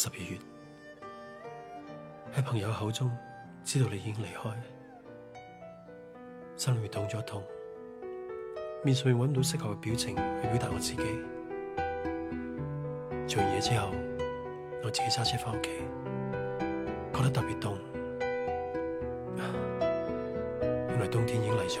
十二月，喺朋友口中知道你已經離開，心裏面痛咗痛，面上面揾唔到適合嘅表情去表達我自己。做完嘢之後，我自己揸車翻屋企，覺得特別凍，原來冬天已經嚟咗。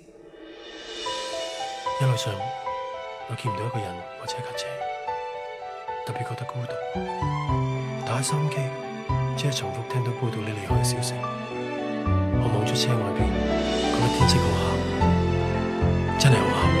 一路上我見唔到一個人或者一架車，特別覺得孤獨。打開收音機，只係重複聽到孤獨你離開嘅消息。我望住車外邊，嗰、嗰個天色好黑，真係好黑。